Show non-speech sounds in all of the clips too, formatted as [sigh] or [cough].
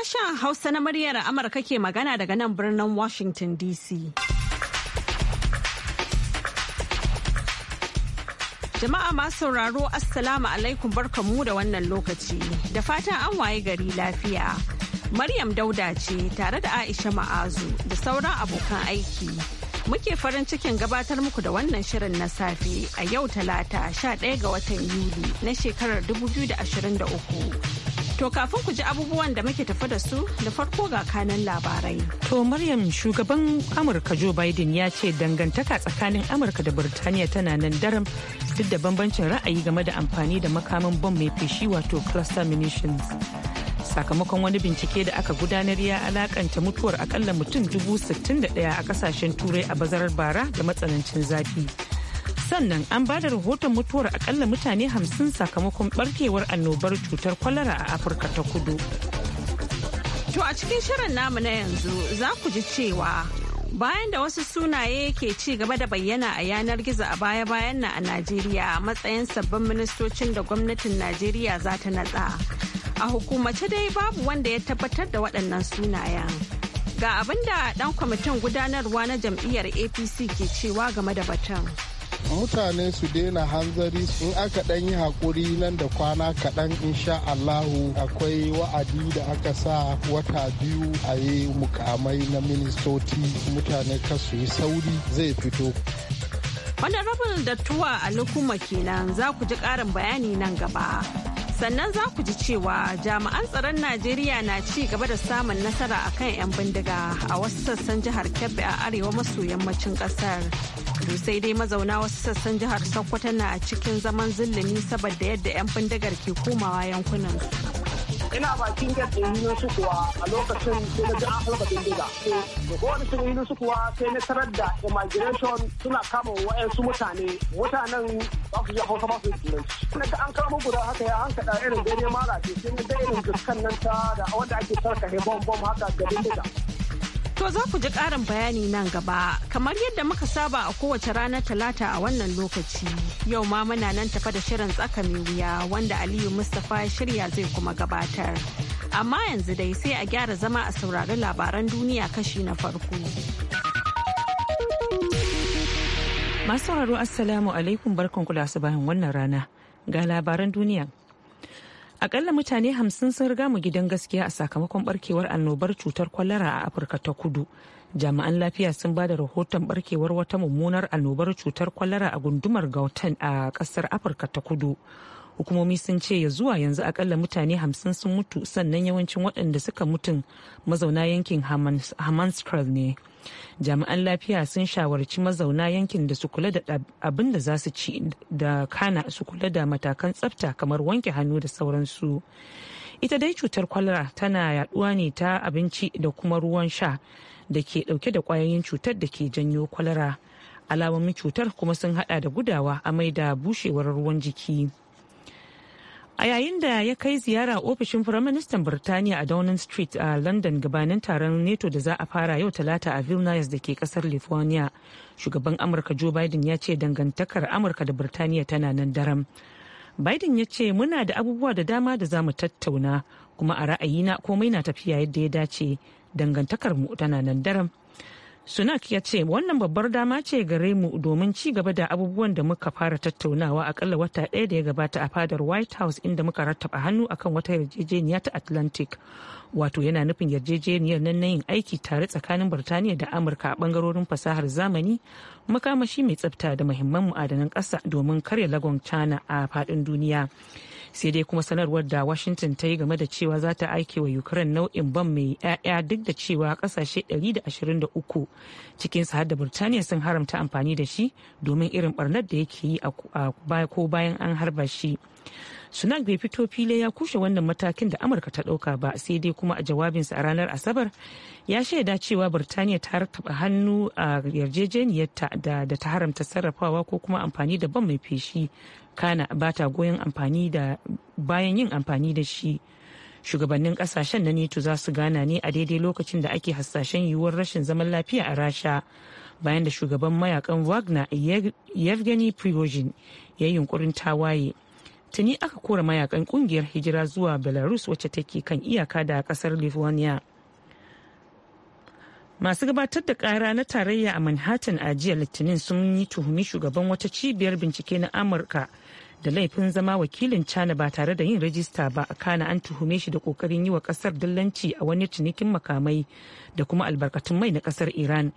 Sashen Hausa na muryar Amurka ke magana daga nan birnin Washington DC. Jama'a masu sauraro Assalamu alaikum barkamu da wannan lokaci. Da fatan an waye gari lafiya. Maryam Dauda ce tare da Aisha Ma'azu da sauran abokan aiki. Muke farin cikin gabatar muku da wannan shirin na safe a yau talata 11 ga watan Yuli na shekarar 2023. To kafin ku ji abubuwan da muke tafa da su da farko ga kanan labarai. To Maryam shugaban Amurka Joe Biden ya ce dangantaka tsakanin Amurka da Birtaniya tana nan daram duk da bambancin ra'ayi game da amfani da makamin bom mai feshi wato cluster munitions. Sakamakon wani bincike da aka gudanar ya alakanta mutuwar akalla mutum dubu sittin da ɗaya a kasashen turai a bazarar bara da matsanancin zafi. sannan an ba da rahoton mutuwar akalla mutane hamsin sakamakon barkewar annobar cutar kwalara a afirka ta kudu to a cikin shirin namu na yanzu za ku ji cewa bayan da wasu sunaye ke ci gaba da bayyana a yanar gizo a baya-bayan na a najeriya matsayin sabbin ministocin da gwamnatin najeriya za ta natsa a hukumace dai babu wanda ya tabbatar da waɗannan sunayen ga abin da ɗan kwamitin gudanarwa na jam'iyyar apc ke cewa game da batun. mutane su daina hanzari in aka ɗan yi hakuri nan da kwana kaɗan insha Allahu akwai wa'adi da aka sa wata biyu a yi mukamai na ministoci mutane kasu yi sauri zai fito. wani da tuwa a lukuma kenan za ku ji ƙarin bayani nan gaba. sannan za ku ji cewa jami'an tsaron najeriya na ci gaba da samun nasara a kan 'yan bindiga a wasu sassan jihar kebbi a arewa maso yammacin kasar sai dai mazauna wasu sassan jihar sokoto na cikin zaman zulumi saboda yadda 'yan bindigar ke komawa yankunan ina bakin gate din hilin su kuwa a lokacin sai na ji an halba bindiga da kowane su hilin su kuwa sai na tarar da immigration suna kama wa'yansu mutane mutanen ba su ji hausa ba su turanci na ga an kama guda haka ya an kaɗa irin daidai mara ce sai na ga irin fuskan nan ta da wanda ake tarka bom bom haka ga bindiga To za ku ji ƙarin bayani nan gaba, kamar yadda muka saba a kowace ranar talata a wannan lokaci. Yau ma muna nan tafa da shirin tsaka mai wuya wanda Aliyu ya shirya zai kuma gabatar. Amma yanzu dai sai a gyara zama a saurari labaran duniya kashi na farko. Masu sauraro Assalamu alaikum barkan kulasu su bayan wannan rana ga labaran duniya. akalla mutane hamsin sun riga mu gidan gaskiya a sakamakon barkewar annobar cutar kwalara a afirka ta kudu jami'an lafiya sun ba da rahoton barkewar wata mummunar annobar cutar kwalara a gundumar gautan a kasar afirka ta kudu hukumomi sun ce ya zuwa yanzu akalla mutane hamsin sun mutu sannan yawancin waɗanda suka mutu mazauna yankin hamanskral ne jami'an lafiya sun shawarci mazauna yankin da su kula da abin da za su ci da kana su kula da matakan tsafta kamar wanke hannu da sauransu ita dai cutar kwalara tana yaduwa ne ta abinci da kuma ruwan sha da ke dauke da kwayoyin cutar da ke janyo kwalara alamomin cutar kuma sun hada da gudawa amai da bushewar ruwan jiki a yayin da ya kai ziyara ofishin firaministan birtaniya a downing street a london gabanin taron neto da za a fara yau talata a vilnius da ke kasar lithuania shugaban amurka joe biden ya ce dangantakar amurka da birtaniya tana nan daram biden ya ce muna da abubuwa da dama da za mu tattauna kuma a ra'ayi na komai na tafiya yadda ya dace dangantakar mu tana nan daram Sunak ya ce wannan babbar dama ce gare mu domin ci gaba da abubuwan da muka fara tattaunawa akalla wata ɗaya da ya gabata a fadar White House inda muka rattaba hannu akan wata yarjejeniya ta Atlantic. Wato yana nufin yarjejeniyar nan yin aiki tare tsakanin Birtaniya da Amurka a bangarorin fasahar zamani, makamashi mai tsafta da muhimman ma'adanan ƙasa domin karya lagon China a faɗin duniya. sai dai kuma sanarwar da washington ta yi game da cewa za ta aike wa ukraine nau'in bam mai 'ya'ya duk da cewa kasashe 123 cikin har da birtaniya sun haramta amfani da shi domin irin barnar da yake yi a ko bayan an harba shi sunak bai fito fili ya kushe wannan matakin da amurka ta dauka ba sai dai kuma a jawabinsa a ranar asabar ya shaida cewa birtaniya ta taɓa hannu a yarjejeniyarta da ta haramta sarrafawa ko kuma amfani da ban mai feshi kana ba ta goyon amfani da bayan yin amfani da shi shugabannin kasashen na neto za su gana ne a daidai lokacin da ake hasashen yiwuwar rashin zaman lafiya a rasha bayan da shugaban mayakan wagner yevgeny prigozhin ya yi yunkurin tawaye tuni aka kora mayakan kungiyar hijira zuwa belarus wacce take kan iyaka da kasar lithuania masu gabatar da kara na tarayya a manhattan a jiya litinin sun yi tuhumi shugaban wata cibiyar bincike na amurka da laifin zama wakilin China ba tare da yin rajista ba a kana an tuhume shi da kokarin yi wa kasar dillanci a wani cinikin makamai da kuma albarkatun mai na kasar Iran.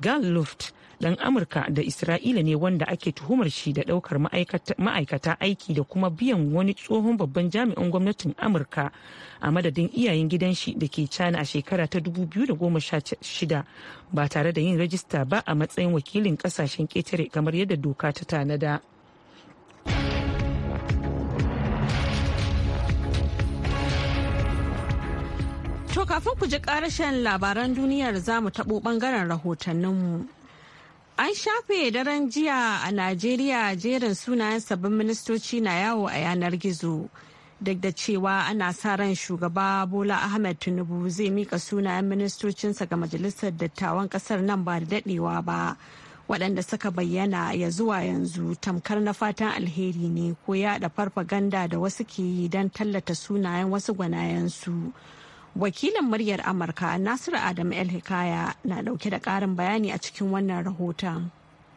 Gal Luft dan Amurka da Isra'ila ne wanda ake tuhumar shi da daukar ma'aikata aiki da kuma biyan wani tsohon babban jami'in gwamnatin Amurka a madadin iyayen gidan shi da ke China a shekara ta 2016 ba tare da yin rajista ba a matsayin wakilin kasashen ketare kamar yadda doka ta tanada. To kafin ku ji karashen labaran duniyar za mu taɓo ɓangaren rahotanninmu. An shafe daren jiya a Najeriya jerin sunayen sabbin ministoci na yawo a yanar gizo. Duk da cewa ana sa ran shugaba Bola Ahmed Tinubu zai mika sunayen ministocinsa ga majalisar dattawan kasar nan ba da daɗewa ba. Waɗanda suka bayyana ya zuwa yanzu tamkar na fatan alheri ne ko yaɗa farfaganda da wasu ke yi don tallata sunayen wasu gwanayensu. wakilin muryar amurka nasiru adam el hikaya na dauke da karin bayani a cikin wannan rahoton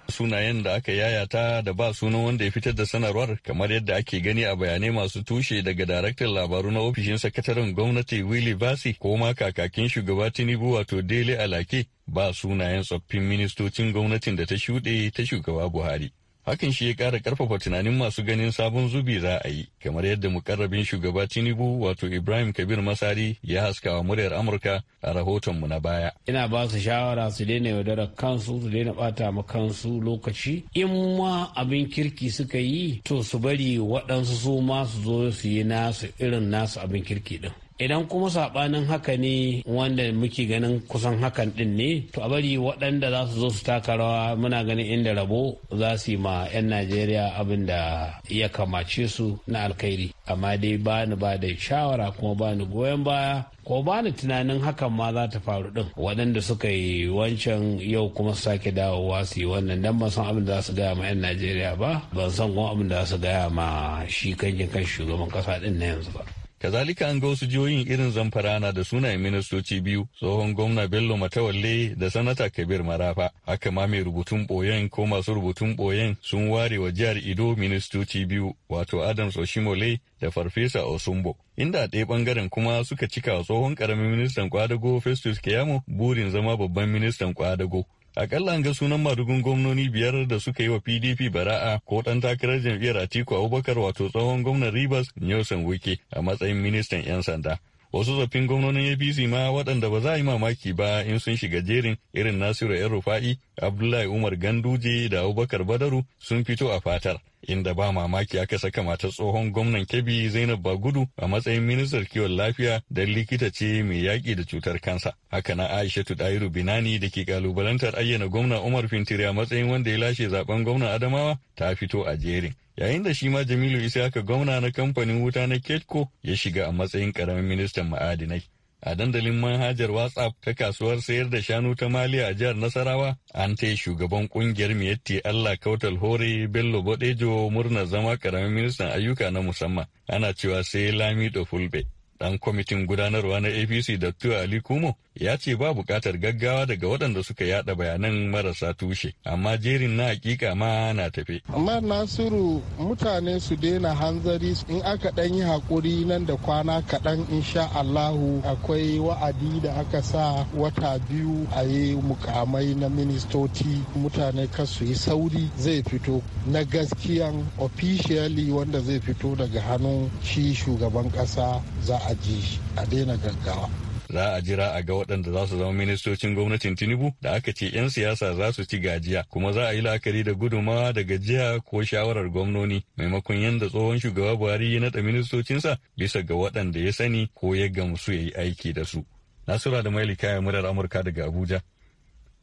sunayen da aka yayata da ba sunan wanda ya fitar da sanarwar kamar yadda ake gani a bayanai masu tushe daga daraktan labaru na ofishin sakataren gwamnati willy basi ko ma kakakin shugaba tinubu wato dele alake ba sunayen tsoffin ministocin gwamnatin da ta shuɗe ta shugaba buhari hakan shi ya kara ƙarfafa tunanin masu ganin sabon zubi za a yi kamar yadda mukarrabin shugaba tinubu wato ibrahim kabir masari ya haskawa muryar amurka a rahotonmu na baya ina ba su shawara su daina yaudarar kansu su daina bata ma kansu lokaci in ma abin kirki suka yi to su bari waɗansu su ma su zo su yi nasu irin nasu abin kirki din idan kuma saɓanin haka ne wanda muke ganin kusan hakan ɗin ne to a bari waɗanda za su zo su taka rawa muna ganin inda rabo za su yi ma 'yan najeriya abin da ya kamace su na alkhairi amma dai ba ni ba da shawara kuma ba ni goyon baya ko ba ni tunanin hakan ma za ta faru ɗin waɗanda suka yi wancan yau kuma su sake dawowa su yi wannan dan ban san abin da za su gaya ma 'yan najeriya ba ban san kuma abin da za su gaya ma shi kankin kan shugaban ƙasa ɗin na yanzu ba Kazalika an ga wasu jihohin irin zamfarana da sunayen ministoci biyu tsohon gwamna Bello Matawalle da sanata Kabir Marafa. Haka ma mai rubutun boyen ko masu rubutun boyen sun ware wa jihar Ido ministoci biyu wato Adams Oshimole da Farfesa Osumbo. Inda a ɗaya ɓangaren kuma suka cika tsohon ƙaramin ministan kwadago Festus Keyamo burin zama babban ministan kwadago. Akalla an ga sunan madugun gwamnoni biyar da suka yi wa PDP bara'a ko ɗan takarar jam'iyyar Atiku Abubakar wato tsohon gwamnan Rivers Nelson Wike a matsayin ministan 'yan sanda. Wasu tsoffin gwamnonin APC ma waɗanda ba za a yi mamaki ba in sun shiga jerin irin Nasiru 'yan Rufa'i, Abdullahi Umar Ganduje da Abubakar Badaru sun fito a fatar. inda ba mamaki aka saka matar tsohon gwamnan Kebbi Zainab Bagudu a matsayin ministar kiwon lafiya don likita ce mai yaƙi da cutar kansa. Haka na Aishatu Dairu Binani da ke kalubalantar ayyana gwamna Umar Fintiri a matsayin wanda ya lashe zaben gwamnan Adamawa ta fito a jerin. Yayin da shi ma Jamilu isa Isaka gwamna na kamfanin wuta na Ketco ya shiga a matsayin karamin ministan ma'adinai. a dandalin manhajar WhatsApp ta kasuwar sayar da shanu ta maliya a jihar Nasarawa, an taya shugaban kungiyar Miyatti Allah Kautal Hore Bello Bodejo murnar zama karamin ministan ayyuka na musamman. Ana cewa sai Lami da Fulbe. Dan kwamitin gudanarwa na APC dr Ali Kumo ya ce ba bukatar gaggawa daga waɗanda suka yada bayanan marasa tushe, amma jerin na hakika ma na tafe. Amma Nasiru mutane su daina hanzari in aka ɗan yi haƙuri nan da kwana kaɗan insha Allahu akwai wa'adi da aka sa wata biyu a yi mukamai na ministoci mutane su yi sauri zai fito na gaskiyan officially wanda zai fito daga hannun shi shugaban ƙasa za a ajiye a daina gaggawa za a jira a ga waɗanda za su zama ministocin gwamnatin tinubu da aka ce 'yan siyasa za su ci gajiya kuma za a yi la'akari da gudummawa da gajiya ko shawarar gwamnoni maimakon yadda tsohon shugaba buhari ya naɗa ministocinsa bisa ga waɗanda ya sani ko ya gamsu ya yi aiki da su nasura da maili kayan murar amurka daga abuja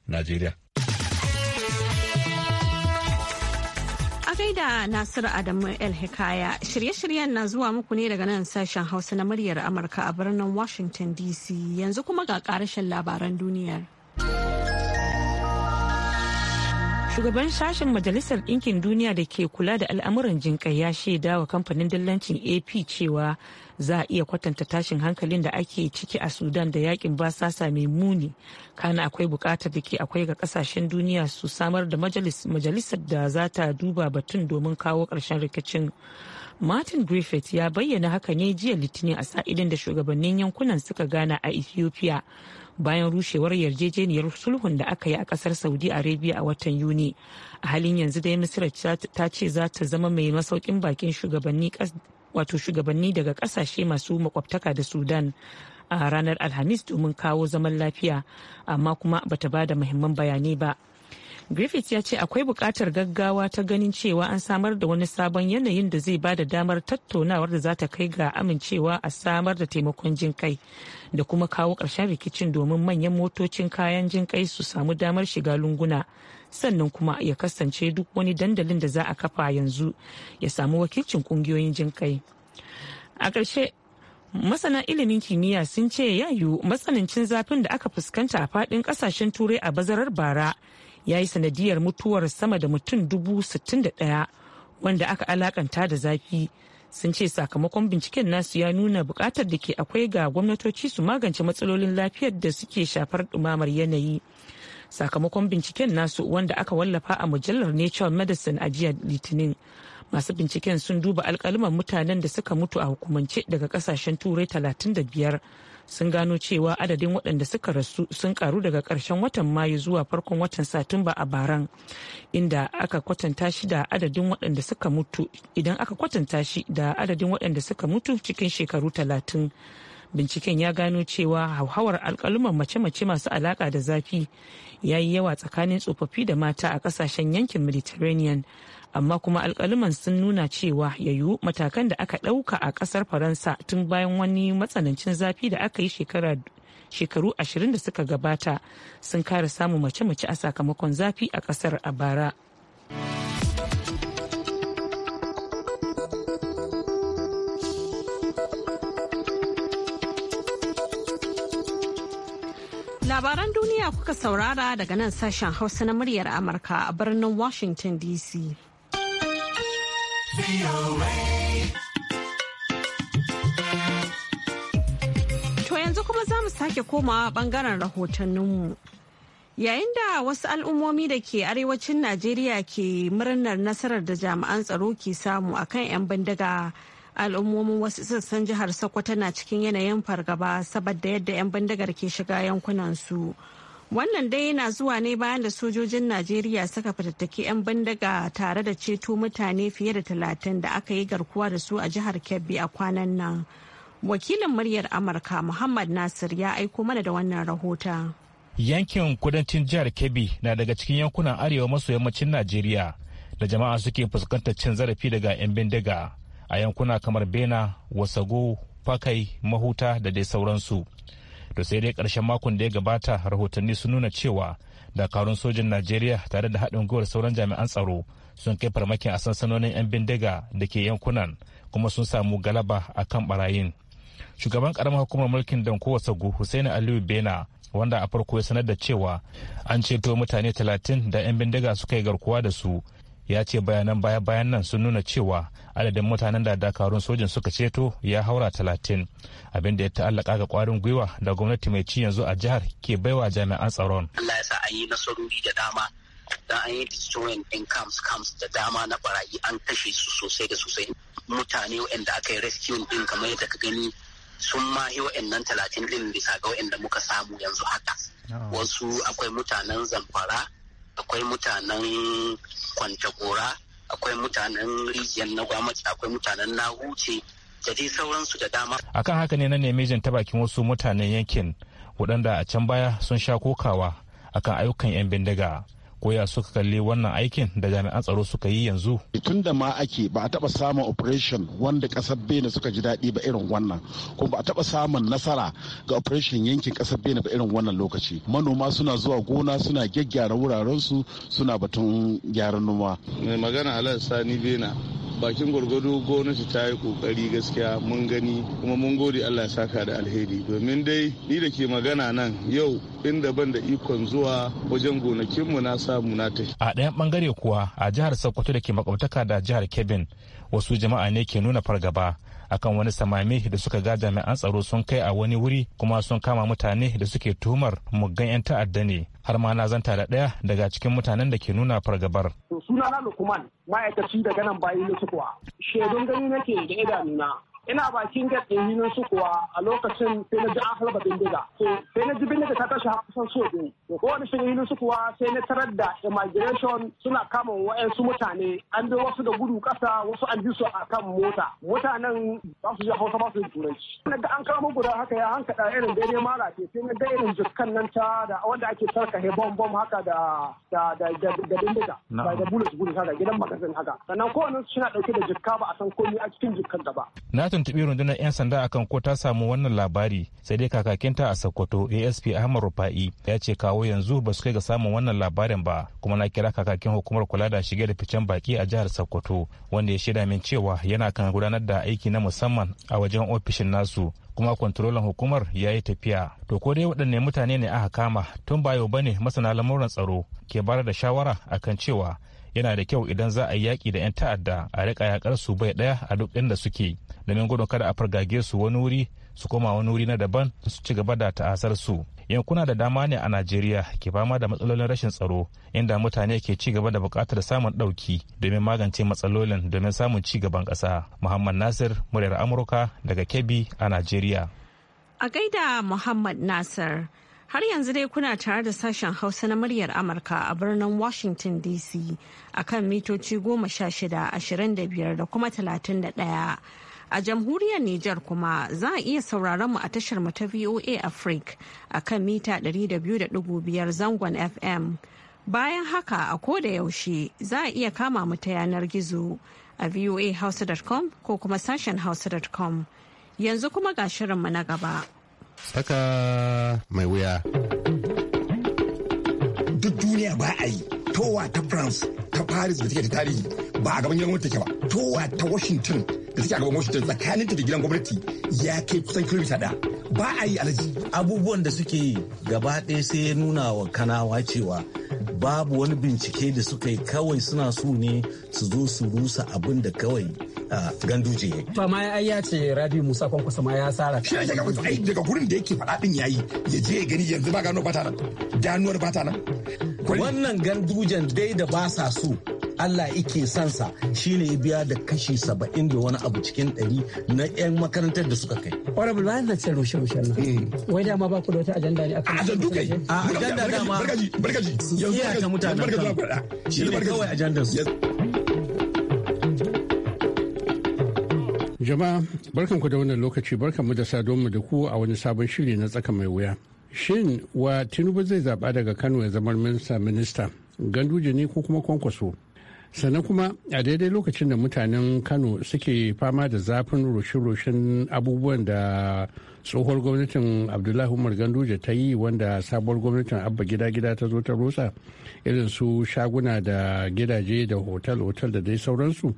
najeriya sai da Nasiru Adamu El Hikaya shirye-shiryen na zuwa muku ne daga nan sashen Hausa na muryar Amurka a birnin Washington DC yanzu kuma ga karashin labaran duniyar. Shugaban sashen Majalisar dinkin Duniya da ke kula da al'amuran jinƙai ya shaida wa kamfanin dillancin AP cewa za a iya kwatanta tashin hankalin da ake ciki a sudan da yakin basasa mai muni kana akwai bukatar da ke akwai ga kasashen duniya su samar da majalisar da za ta duba batun domin kawo karshen rikicin martin griffith ya bayyana haka ne jiya litinin a sa'ilin da shugabannin yankunan suka gana a ethiopia bayan rushewar yarjejeniyar sulhun da aka yi a kasar saudi arabia a watan yuni a halin yanzu dai misira ta ce za ta zama mai masaukin bakin shugabanni wato shugabanni daga kasashe masu makwabtaka da sudan a ranar alhamis domin kawo zaman lafiya amma kuma bata ba da muhimman bayanai ba griffith ya ce akwai buƙatar gaggawa ta ganin cewa an samar da wani sabon yanayin da zai ba da damar tattaunawar da za ta kai ga amincewa a samar da taimakon jin kai da kuma kawo ƙarshen rikicin domin manyan motocin kayan jin kai su samu damar shiga lunguna sannan kuma ya kasance duk wani dandalin da za a kafa yanzu ya samu wakilcin kungiyoyin jin kai a ƙarshe masana ilimin kimiyya sun ce ya yiwu matsanancin zafin da aka fuskanta a faɗin ƙasashen turai a bazarar bara ya yi sanadiyar mutuwar sama da mutum dubu sittin da ɗaya wanda aka alakanta da zafi sun ce sakamakon binciken nasu ya nuna bukatar da ke akwai ga gwamnatoci su magance matsalolin lafiyar da suke shafar ɗumamar yanayi sakamakon binciken nasu wanda aka wallafa a mujallar nature medicine a jiya litinin masu binciken sun duba alkaliman mutanen da suka mutu a hukumance daga kasashen turai 35 sun gano cewa adadin waɗanda suka rasu sun karu daga ƙarshen watan mayu zuwa farkon watan satumba a baran inda aka kwatanta shi da adadin waɗanda suka mutu idan aka kwatanta shi da adadin waɗanda suka mutu cikin shekaru talatin binciken ya gano cewa hauhawar alkaluman mace-mace masu alaka da zafi ya yi yawa tsakanin tsofaffi da mata a kasashen yankin mediterranean amma kuma alkaluman sun nuna cewa yayu matakan da aka ɗauka a ƙasar faransa tun bayan wani matsanancin zafi da aka yi shekaru ashirin da suka gabata sun kara samun mace-mace a sakamakon zafi a ƙasar a bara. Labaran duniya kuka saurara daga nan sashen Hausa na muryar Amurka a birnin Washington DC. To yanzu kuma za mu sake komawa bangaren rahotanninmu. Yayin da wasu al'ummomi da ke arewacin Najeriya ke murnar nasarar da jami'an tsaro ke samu akan 'yan bindiga. al'ummomin wasu sassan jihar sokoto na cikin yanayin fargaba saboda yadda 'yan bindigar ke shiga yankunan su wannan dai yana zuwa ne bayan da sojojin najeriya suka fitattaki 'yan bindiga tare da ceto mutane fiye da talatin da aka yi garkuwa da su a jihar kebbi a kwanan nan wakilin muryar amurka muhammad nasir ya aiko mana da wannan rahota. yankin kudancin jihar kebbi na daga cikin yankunan arewa maso yammacin najeriya da jama'a suke fuskantar cin zarafi daga 'yan bindiga a yankuna kamar bena wasago fakai mahuta da dai sauransu to sai dai karshen makon da ya gabata rahotanni sun nuna cewa dakarun sojin najeriya tare da haɗin gwiwar sauran jami'an tsaro sun kai farmakin a sansanonin 'yan bindiga da ke yankunan kuma sun samu galaba a kan barayin shugaban karamar hukumar mulkin danko wasagu hussein aliyu bena wanda a farko ya sanar da cewa an ceto mutane talatin da 'yan bindiga suka yi garkuwa da su ya ce bayanan baya-bayan nan sun nuna cewa adadin mutanen da dakarun sojin suka ceto ya haura talatin abin da ya ta'allaka ga kwarin gwiwa da gwamnati mai ci yanzu a jihar ke baiwa jami'an tsaron Allah ya sa an yi nasarori da dama da an yi destroying in camps camps da dama na barayi an kashe su sosai da sosai mutane wa'inda aka yi rescue din kamar yadda ka gani sun mahi waɗannan talatin din bisa ga waɗanda muka samu yanzu haka wasu akwai mutanen zamfara akwai mutanen kwantakora. akwai mutanen rijiyar na gwamnati akwai mutanen na huce da dai sauransu da dama akan haka ne na nemi jin ta bakin wasu mutanen yankin waɗanda a can baya sun sha kokawa akan ayyukan 'yan bindiga koya suka kalli wannan aikin da jami'an tsaro suka yi yanzu. tun da ma ake ba a taba samun operation wanda kasar benin suka ji daɗi ba irin wannan kuma ba a taba samun nasara ga operation yankin kasar benin ba irin wannan lokaci manoma suna zuwa gona suna gyaggyara su suna batun gyaran noma. mai magana ala sani bena bakin gwargwado gwamnati ta yi kokari gaskiya mun gani kuma mun gode allah ya saka da alheri domin dai ni da ke magana nan yau inda ban da ikon zuwa wajen gonakinmu na samu na ta. A ɗayan ɓangare kuwa a jihar Sokoto da ke makabtaka da jihar Kebbi wasu jama'a ne ke nuna fargaba akan wani samame da suka ga jami'an tsaro sun kai a wani wuri kuma sun kama mutane da suke tuhumar muggan 'yan ta'adda ne har ma na zanta da ɗaya daga cikin mutanen da ke nuna fargabar. Sunana suna na Lukman ma'aikaci daga nan bayi na sukuwa. gani nake da na. ina bakin gate din hinin su kuwa a lokacin sai na ji an halba bindiga sai na ji bindiga ta tashi har kusan so biyu to ko wani shirin hinin su kuwa sai na tarar da immigration suna kama wa'ansu mutane an bi wasu da gudu kasa wasu an bi su a kan mota mutanen ba su ji hausa ba su turanci na ga an kama guda haka ya hanka da irin daidai mara ce sai na ga irin jikkan nan ta da wanda ake he bom bom haka da da da da bindiga ba da bullet bullet haka gidan magazin haka sannan kowanne suna ɗauke da jikka ba a san komai a cikin jikkan da ba tuntuɓi rundunar 'yan sanda akan ko ta samu wannan labari sai dai kakakinta a sokoto asp ahmad rufa'i ya ce kawo yanzu ba su kai ga samun wannan labarin ba kuma na kira kakakin hukumar kula da shige da ficen baki a jihar sokoto wanda ya shaida min cewa yana kan gudanar da aiki na musamman a wajen ofishin nasu kuma kwantarolan hukumar ya yi tafiya to ko dai waɗanne mutane ne aka kama tun ba yau bane masana lamuran tsaro ke bayar da shawara akan cewa yana da kyau idan za a yi yaƙi da 'yan ta'adda a riƙa yaƙar su bai ɗaya a duk inda suke domin gudun kada a fargage su wani wuri su koma wani wuri na daban su ci gaba da ta'asar su yankuna da dama ne a najeriya ke fama da matsalolin rashin tsaro inda mutane ke ci gaba da buƙatar samun ɗauki domin magance matsalolin domin samun ci gaban ƙasa muhammad nasir muryar amurka daga kebbi a najeriya a gaida muhammad nasir Har yanzu dai kuna tare da sashen Hausa na muryar Amurka a birnin Washington DC a kan mitoci goma sha shida ashirin da biyar da kuma talatin da ɗaya. A jamhuriyar Nijar kuma za a iya sauraron mu a tashar mu ta VOA Africa a kan mita 200.5 zangon FM. Bayan haka a koda yaushe za a iya kama mu ta yanar gizo a voahausa.com ko kuma sashen hausa.com. Yanzu kuma ga shirinmu na gaba. Saka mai wuya. Duk duniya ba a yi towa ta France ta Paris da take da tarihi ba a gaban gidan gwamnati take ba towa ta Washington da take a gaban Washington tsakanin ta da gidan gwamnati ya kai kusan kilomita da ba a yi alaji. Abubuwan da suke yi gaba ɗaya sai ya nuna wa kanawa cewa babu wani bincike da suka yi kawai suna so ne su zo su rusa abin da kawai ganduje. To amma ai ya ce Rabi Musa Kwankwasa ma ya sara. Shi ne daga mutu daga gurin da yake fada din yayi ya je ya gani yanzu ba gano bata nan. danuwar bata nan. Wannan gandujen dai da ba sa so Allah ike sansa shine ya biya da kashi saba'in da wani abu cikin ɗari na 'yan makarantar da suka kai. Honorable bayan na cin rushe rushe nan. Hmm. Wai dama ba ku da wata ajanda ne akan. Ajandu kai. A ajanda dama. Barkaji barkaji. Yanzu ta ta barkaji. Yanzu barkaji. Yanzu barkaji. Yanzu barkaji. Yanzu Jama'a ku da wannan lokaci mu da sadonmu da ku a wani sabon shiri na tsaka mai wuya. Shin wa Tinubu zai zaɓa daga Kano ya zama minista minista ganduje ne ko kuma kwankwaso? Sannan kuma a daidai lokacin da mutanen Kano suke fama da zafin roshin roshin abubuwan da tsohuwar gwamnatin abdullahi umar ganduje ta yi wanda sabuwar gwamnatin abba gida gida ta zo ta rusa irin su shaguna da gidaje da hotel hotel da dai sauransu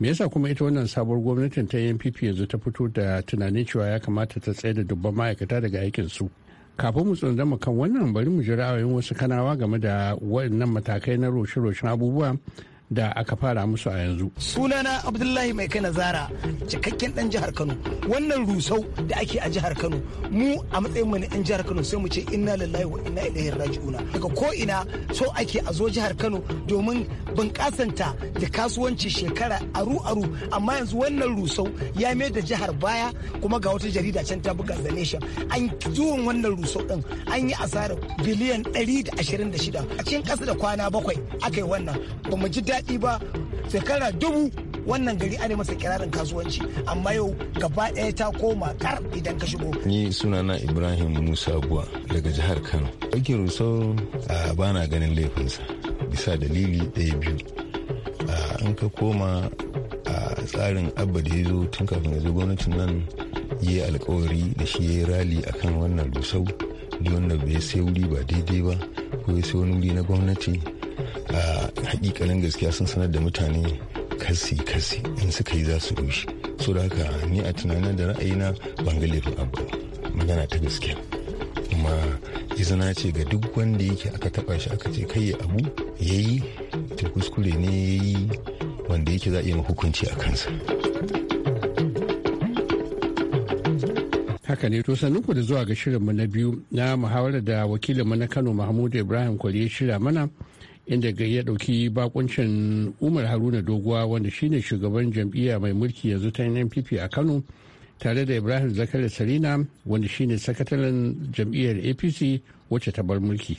me yasa kuma ita wannan sabuwar gwamnatin ta npp yanzu ta fito da tunanin cewa ya kamata ta tsaye da dubban ma'aikata daga aikin su kafin mu tsundama kan wannan bari mu ji ra'ayoyin wasu kanawa game da waɗannan matakai na roshe-roshen abubuwa da aka fara musu a yanzu. Sunana Abdullahi Mai Kana Zara, cikakken ɗan jihar Kano. Wannan rusau da ake a jihar Kano, mu a matsayin mu ne ɗan jihar Kano sai mu ce inna lillahi wa inna ilaihi raji'una. Daga ko ina so ake a zo jihar Kano domin bunƙasanta da kasuwanci shekara aru-aru amma yanzu wannan rusau ya mai da jihar baya kuma ga wata jarida can ta buga zanesha an zuwan wannan rusau ɗin an yi asarar biliyan 126 a cikin ƙasa da kwana bakwai aka yi wannan ba mu ji daɗi daɗi ba shekara dubu wannan gari ana masa kirarin kasuwanci amma yau gaba ɗaya ta koma kar idan ka shigo. Ni sunana Ibrahim Musa Buwa daga jihar Kano. ake Rusau a bana ganin laifinsa bisa dalili ɗaya biyu. In ka koma a tsarin abba da ya zo tun kafin ya zo gwamnatin nan yi alkawari da shi ya yi rali akan wannan rusau da wanda bai sai wuri ba daidai ba ko ya sai wani wuri na gwamnati a hakikalin gaskiya sun sanar da mutane kasi kasi in suka yi za su rushe so da haka ni a tunanin da ra'ayina ban ga abu magana ta gaskiya kuma izina ce ga duk wanda yake aka taba shi aka ce kai abu yayi to kuskure ne yi wanda yake za a iya hukunci a kansa haka ne to sannu ku da zuwa ga shirinmu na biyu na muhawarar da wakilinmu na kano mahmud ibrahim kwari ya shirya mana inda gai ya ɗauki bakuncin umar haruna doguwa wanda shine shugaban jam'iyya mai mulki yanzu ta npp a kano tare da ibrahim zakari sarina wanda shine sakataren jam'iyyar apc wacce ta bar mulki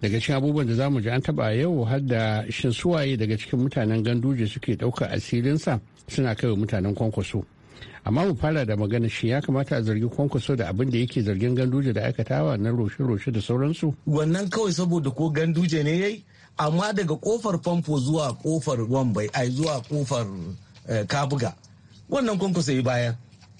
daga cikin abubuwan da zamu ji an taba yau har da shin suwaye daga cikin mutanen ganduje suke ɗauka asirinsa suna kai wa mutanen kwankwaso amma mu fara da magana shi ya kamata a zargi kwankwaso da abin da yake zargin ganduje da aikatawa na roshe-roshe da sauransu wannan kawai saboda ko ganduje ne yayi amma daga kofar famfo zuwa kofar wambai ai zuwa kofar eh, kabuga wannan kwankwaso ya baya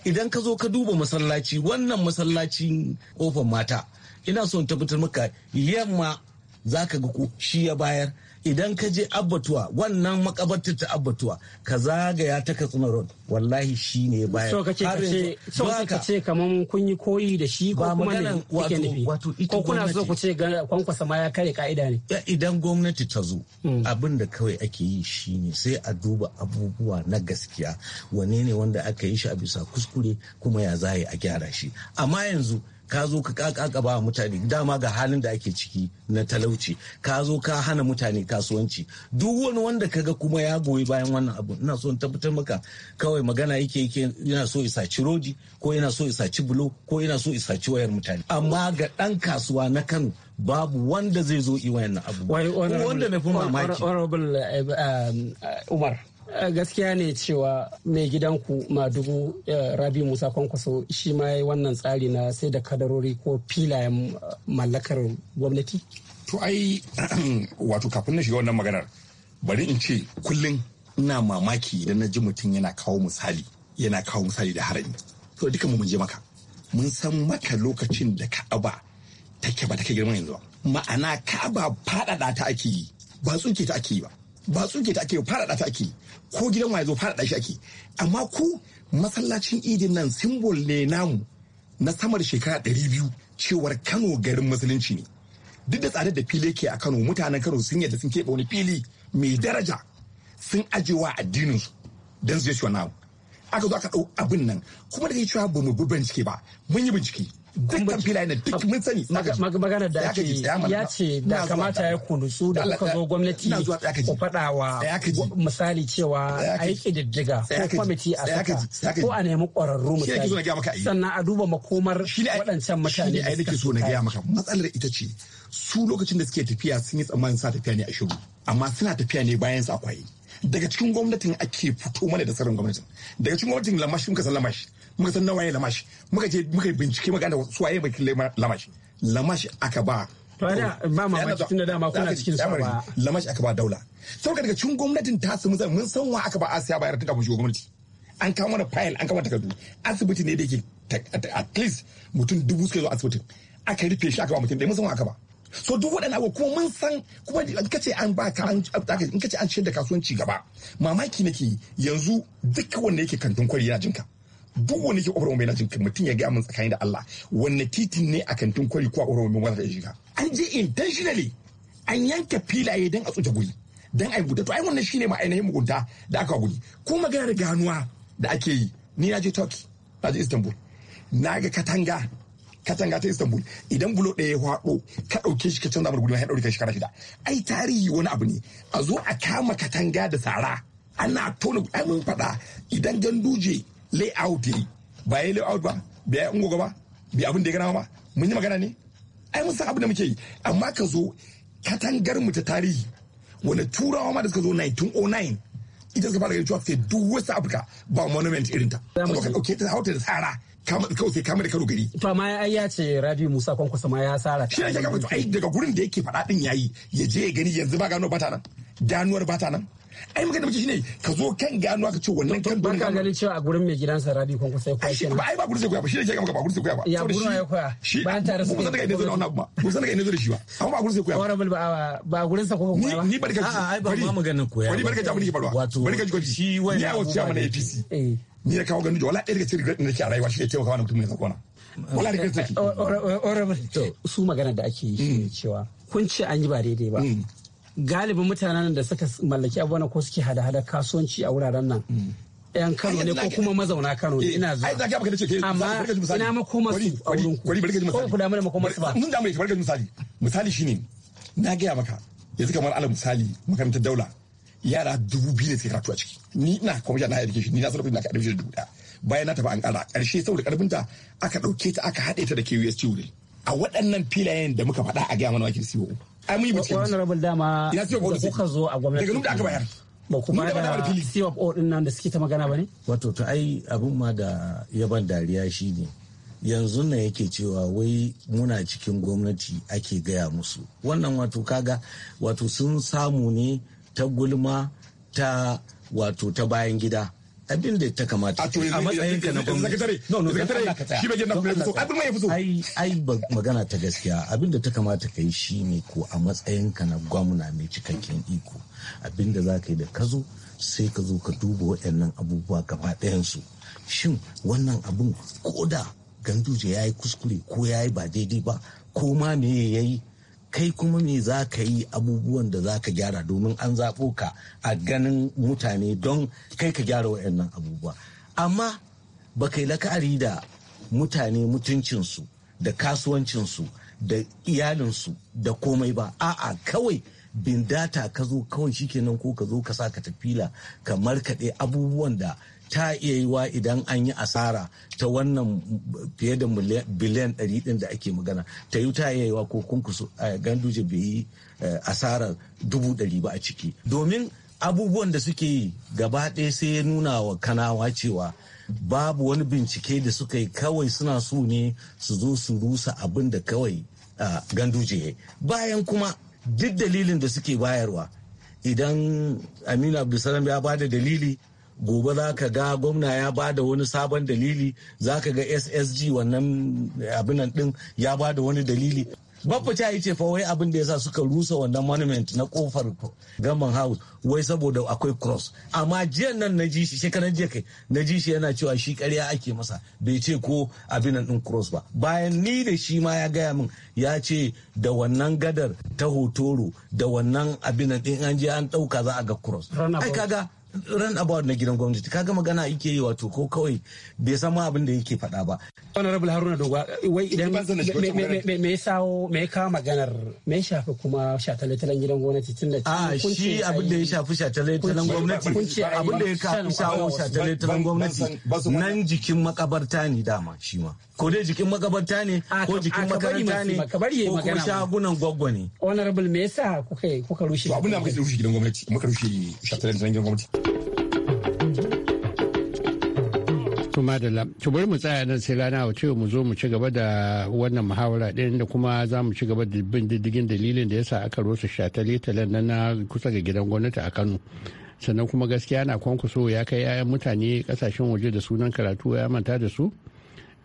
idan ka zo ka duba masallaci wannan masallacin kofar mata ina son tabbatar maka yamma za ka ga ko shi ya bayar idan ka je abbatuwa wannan makabartar ta abbatuwa ka zagaya ta katsina road wallahi shi ne baya so kace so kace kaman kun yi koyi da shi ko kuma ne kike nufi ko kuna so ku ce kwankwasa ma ya kare ka'ida ne idan gwamnati ta zo hmm. abin da kawai ake yi shi ne sai a duba abubuwa na gaskiya wane ne wanda aka yi shi a bisa kuskure kuma ya zai a gyara shi amma yanzu ka zo ka kaka ba mutane dama ga halin da ake ciki na talauci ka zo ka hana mutane kasuwanci duk wani wanda kaga kuma ya goyi bayan wannan abu ina so in tabbatar maka kawai magana yake yake ina so isa ci roji ko ina so isa ci bulo ko ina so isa ci wayar mutane amma ga dan kasuwa na Kano babu wanda zai zo iwayen abu wanda na fi mamaki eh, eh, um, eh, Umar Eh, gaskiya ne cewa mai gidanku madugu eh, rabi musa kwankwaso shi ma ya yi wannan tsari na sai da kadarori ko filayen eh, mallakar gwamnati to ai [clears throat] wato kafin na shiga wannan maganar bari in ce kullum ina mamaki idan na ji mutum yana kawo misali yana kawo misali da harami to duka mu mun je maka mun san maka lokacin da ka'aba take ba take girma yanzu ba ma'ana ka'aba fadada ta ake yi ba tsuke ta ake yi ba ba tsuke ta ake yi fadada ta ake yi ko gidan waye zo fara shi ake amma ku masallacin idin nan simbol ne namu na samar shekara ɗari biyu cewar kano garin musulunci ne duk da tsadar da fili ke a kano mutanen kano sun yadda sun keɓe wani fili mai daraja sun ajewa addinin su don su je shi aka zo aka ɗau abin nan kuma da cewa ba mu bi bincike ba mun yi bincike dukkan filayen da duk mun sani maganar da ake ya ce da kamata ya kunusu da kuka zo gwamnati ku faɗa wa misali cewa a yi ƙididdiga ko kwamiti a saka ko a nemi ƙwararru misali sannan a duba makomar waɗancan mutane da suka so na gaya maka matsalar ita ce su lokacin da suke tafiya sun yi tsammanin suna tafiya ne a shiru amma suna tafiya ne bayan sa kwaye daga cikin gwamnatin ake fito mana da tsarin gwamnatin daga cikin gwamnatin lamashin muka san lamashi muka san nawaye lamashi muka je muka bincike muka da suwaye bakin lamashi lamashi aka ba ba mamaki tun da dama kuna cikin sa ba lamashi aka ba daula sauka daga cikin gwamnatin ta su mun san wa aka ba asiya bayar tun kafin gwamnati an kawo mana fayil an kawo takardu asibiti ne da yake at least mutum dubu suka zo asibitin aka rufe shi aka ba mutum da mun san wa aka ba so duk waɗannan abubuwa kuma mun san kuma in kace an ba ka an in kace an ciyar da kasuwanci gaba mamaki nake yanzu duk wanda yake kantin kwari yana jinka duk wani ke kofar mai na jin mutum ya gaya min tsakani da Allah wanne titin ne a kantin kwari ko a kofar mai wanda ya shiga an je intentionally an yanka filaye don a tsuke guri don a yi guda to ai wannan shine ma ainihin mugunta da aka guri ko da ganuwa da ake yi ni na je Turkey na je Istanbul na ga katanga katanga ta istanbul idan bulo ɗaya ya hwaɗo ka ɗauke shi ka canza mar gudunar ya ɗauke shekara shida ai tarihi wani abu ne a zo a kama katanga da sara ana tona ai mun faɗa idan ganduje layout yayi ba yayi layout ba bai yayi ungo ba bai abin da ya gana ba mun yi magana ne ai mun san abin da muke yi amma ka zo katangar mu ta tarihi wanda turawa ma da suka zo 1909 ita suka fara cewa sai duk wasu afirka ba monument irin ta ka ta hauta da tsara kawai sai kama da karo gari to amma ya ya ce rabi musa kwankwasa ma ya tsara shi ne ka ai daga gurin da yake faɗa din yayi ya je ya gani yanzu ba gano bata nan ganuwar bata nan ai magana muke shine ka zo kan gano ka ce wannan kan ban ka gani cewa a gurin mai gidansa rabi kun kusa koya shi ba ai ba gurin sai koya ba shi ne ke ga ba gurin sai koya ba ya gurin ya koya bayan ta rasu ba daga inda zo na wannan ba ba san daga inda zo shi ba amma ba gurin sai ba wannan ba ba gurin sa kuma koya ba ni barka a'a ai ba ma maganar ba ni barka jamu ne ke faruwa barka ji jikoji shi wani ya wuce mana APC ni ya kawo gani da wala ɗaya daga cikin regret da ke a rayuwa shi ne taimaka mana mutum ne zakona wala regret ne su magana da ake yi shi cewa kun ce an yi ba daidai ba galibin mutanen da suka mallaki abubuwan ko suke hada-hada kasuwanci a wuraren nan yan hmm. Kano ne ko kuma mazauna Kano ne eh, ina zuwa. Eh, Amma ina mako masu a wurin ku. Bari bari misali. Ko ku damu da makoma ba. Mun damu da bari misali. Misali shine na gaya maka yanzu kamar alal misali makarantar daula yara dubu biyu ne suke karatu a ciki ni ina kwamishin na education ni na sarrafa na ka da dubu daya bayan na tafi an kara ƙarshe saboda ƙarfin ta aka ɗauke ta aka haɗe ta da KUS ne. a waɗannan filayen da muka faɗa a gaya mana wakil COO ai mun yi bincike wannan rabin dama ina siyo ko kuka zo a gwamnati daga da aka bayar ba kuma da CFO din nan da suke ta magana ba ne wato to ai abin ma da yaban dariya shine yanzu na yake cewa wai muna cikin gwamnati ake gaya musu wannan wato kaga wato sun samu ne ta gulma ta wato ta bayan gida abin da ta kamata a matsayin ka na gwamnati no no shi magana ta gaskiya abin da ta kamata kai shine ko a matsayin ka na gwamna mai cikakken iko abin da za ka yi da kazo sai ka zo ka duba waɗannan abubuwa gaba ɗayan su shin wannan abin koda ganduje ya yi kuskure ko ya yi ba daidai ba ko ma me ya yi kai kuma me za ka yi abubuwan da za ka gyara domin an zaɓo ka a ganin mutane don kai ka gyara waɗannan abubuwa amma ba kai la'akari da mutane mutuncinsu da kasuwancinsu da iyalinsu da komai ba a'a kawai bindata ka zo kawai shikenan ko ka zo ka sa ka tafila ka markaɗe abubuwan da ta iya yiwa idan an yi asara ta wannan fiye da biliyan ɗari ɗin da ake magana ta yi ta iya yiwa ko kunkusu eh, ganduje bai yi eh, asarar dubu ɗari ba a ciki domin abubuwan da suke yi gaba ɗaya sai ya nuna wa kanawa cewa babu wani bincike da suka yi kawai suna so ne su zo su rusa abin da kawai ganduje bayan kuma duk dalilin da suke bayarwa idan aminu abdulsalam ya bada dalili gobe za ka ga gwamna ya ba da wani sabon dalili za ka ga ssg wannan abinan din ya ba da wani dalili Baffa ta yi ce fa wai abin da ya sa suka rusa wannan monument na kofar gaman house wai saboda akwai cross amma jiyan nan na ji shi shekaran jiya kai na ji shi yana cewa shi karya ake masa bai ce ko abin din cross ba bayan ni da shi ma ya gaya min ya ce da wannan gadar ta hotoro da wannan abin din an je an dauka za a ga cross ai kaga ran abuwa na gidan gwamnati kaga magana yake yi wato ko kawai bai samu abin da yake faɗa ba honorable haruna dogwa wai idan me ya sawo me ya kawo maganar me ya shafi kuma shataletalen gidan gwamnati tun da ah, a shi abin da ya shafi shataletalen gwamnati abin da ya kawo shawo shataletalen gwamnati nan jikin makabarta ne dama shi ma ko dai jikin makabarta ne ko jikin makabarta ne ko kuma shagunan gwaggwa ne honorable me yasa kuka kuka rushe abin da muka rushe gidan gwamnati ka rushe shataletalen gidan gwamnati madalla ki bari mu tsaya nan sai rana wace mu zo mu ci gaba da wannan muhawara ɗin da kuma za mu ci gaba da bin diddigin dalilin da ya sa aka rosa shatale-talen nan na kusa ga gidan gwamnati a Kano sannan kuma gaskiya na kwankwaso ya kai 'ya'yan mutane kasashen waje da sunan karatu ya manta da su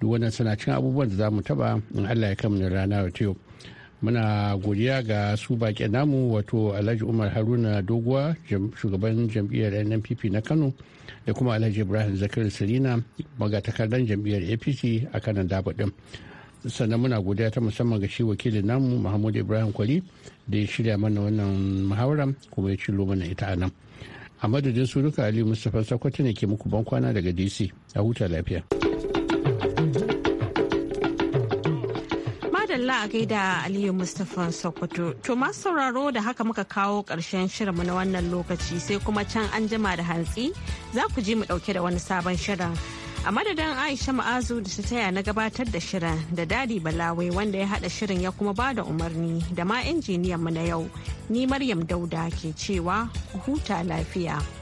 duk wannan suna cin abubuwan da za mu taba in Allah ya kamuna rana wace yau muna godiya ga su baƙi namu wato alhaji umar haruna doguwa shugaban jam'iyyar nnpp na kano da kuma alhaji ibrahim zakar sirina magatakardar jam'iyyar apc a kanan daba din sannan muna godiya ta musamman ga shi wakilin namu mahmud ibrahim kwari da ya shirya mana wannan muhawara kuma ya cilo mana ita a nan a madadin su duka aliyu mustapha sakwata ne ke muku bankwana daga dc a huta lafiya. Allah a gaida Aliyu Mustapha Sokoto. To masu sauraro da haka muka kawo ƙarshen shirinmu na wannan lokaci sai kuma can an jima da hantsi za ku ji mu ɗauke da wani sabon shirin. A madadin Aisha Ma'azu da ta taya na gabatar da shirin da Dadi Balawe wanda ya haɗa shirin ya kuma bada umarni da ma injiniyan mu na yau. Ni Maryam Dauda ke cewa huta lafiya.